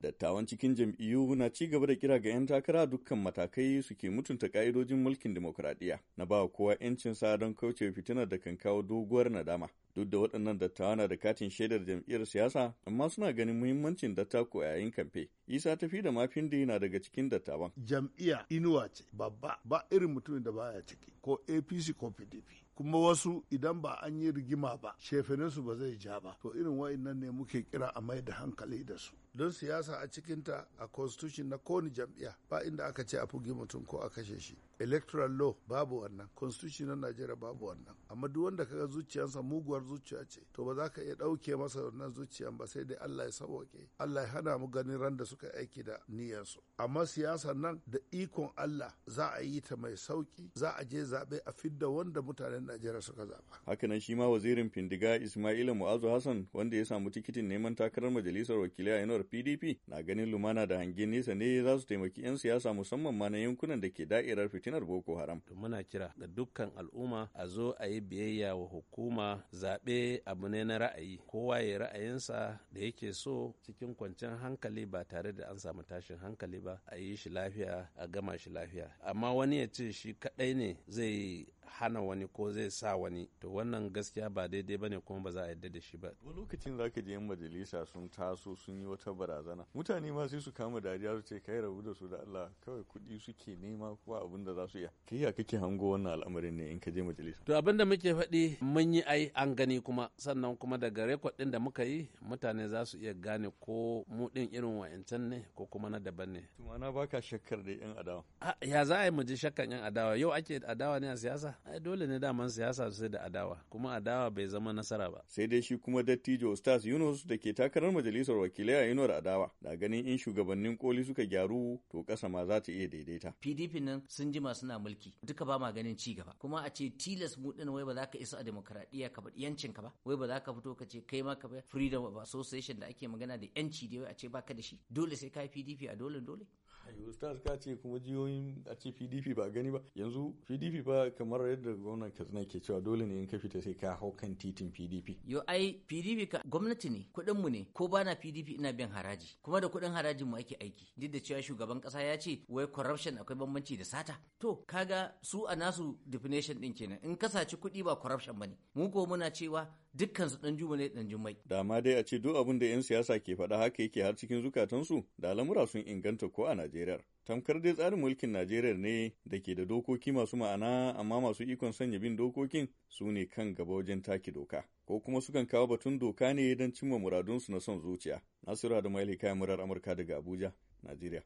Dattawan cikin jam'iyyu na ci gaba da kira ga 'yan takara dukkan matakai suke mutunta ka'idojin mulkin dimokuraɗiyya na ba kowa 'yancin sa don kauce fitinar da kan kawo doguwar nadama. Duk da waɗannan dattawa na da katin shaidar jam'iyyar siyasa, amma suna ganin muhimmancin dattako yayin kamfe. Isa ta fi da da yana daga cikin dattawan. Jam'iyya inuwa ce babba ba irin mutumin da baya ciki ko APC ko PDP. kuma wasu idan ba an yi rigima ba shefeninsu ba zai ja ba to irin wa'annan ne muke kira a mai da hankali da su don siyasa a cikinta a constitution na kowane jam'iyya ba inda aka ce a fugi mutum ko a kashe shi electoral law babu wannan constitution na najeriya babu wannan amma duk wanda kaga zuciyarsa muguwar zuciya ce to ba za ka iya ɗauke masa wannan zuciyar ba sai dai allah ya sauwaƙe allah ya hana mu ganin ran da suka aiki da niyyarsu amma siyasa nan da ikon allah za a yi ta mai sauki za a je zaɓe a fidda wanda mutanen Najeriya suka zaba. Hakanan shi ma wazirin Findiga Ismaila Mu'azu Hassan wanda ya samu tikitin neman takarar majalisar wakilai a yanar PDP na ganin lumana da hangen nesa ne za su taimaki 'yan siyasa musamman ma na yankunan da ke da'irar fitinar Boko Haram. Muna kira ga dukkan al'umma a zo a yi biyayya wa hukuma zaɓe abu ne na ra'ayi kowa ya ra'ayinsa da yake so cikin kwanciyar hankali ba tare da an samu tashin hankali ba a yi shi lafiya a gama shi lafiya amma wani ya ce shi kaɗai ne zai hana wani ko zai sa wani to wannan gaskiya ba daidai ba ne kuma ba za a yarda da shi ba wani lokacin za ka je majalisa sun taso sun yi wata barazana mutane ma sai su kama dariya su ce yi rabu da su da Allah kawai kuɗi suke nema ko abin da za su iya kai ya kake hango wannan al'amarin ne in ka je majalisa to abin da muke faɗi mun yi ai an gani kuma sannan kuma daga rekod ɗin da muka yi mutane za su iya gane ko mu ɗin irin wa'ancan ne ko kuma na daban ne Tumana baka shakkar da yan adawa ya za a yi mu ji shakkar yan adawa yau ake adawa ne a siyasa dole ne daman siyasa sai da adawa kuma adawa bai zama nasara ba sai dai shi kuma dattijo Ustaz Yunus da ke takarar majalisar wakilai a inuwar adawa da ganin in shugabannin koli suka gyaru to kasa ma za ta iya daidaita PDP nan sun jima suna mulki duka ba ma ganin ci gaba kuma a ce tilas mu din wai ba za ka isa a demokradiyya ka ba yancin ka ba wai ba za ka fito ka ce kai ma ka ba freedom of association da ake magana da yanci dai wai a ce baka da shi dole sai ka PDP a dole dole ustaz ka ce kuma jihohin a ce pdp ba gani ba yanzu pdp ba kamar yadda gwamnan katsina ke cewa dole ne in ka fita sai ka hau kan titin pdp yo ai pdp ka gwamnati ne kuɗin mu ne ko ba na pdp ina biyan haraji kuma da kuɗin harajin mu ake aiki duk da cewa shugaban ƙasa ya ce wai corruption akwai bambanci da sata to kaga su a nasu definition din kenan in ka saci kuɗi ba corruption bane mu ko muna cewa dukkan su dan juma ne dan jummai da ma dai a ce duk abin da yan siyasa ke faɗa haka yake har cikin zukatansu da lamura sun inganta ko a Najeriya tamkar dai tsarin mulkin Najeriya ne da ke da dokoki masu ma'ana amma masu ikon sanya bin dokokin su ne kan gaba wajen take doka ko kuma sukan kawo batun doka ne don cimma muradunsu na son zuciya Nasiru da Ali kayan murar Amurka daga Abuja Najeriya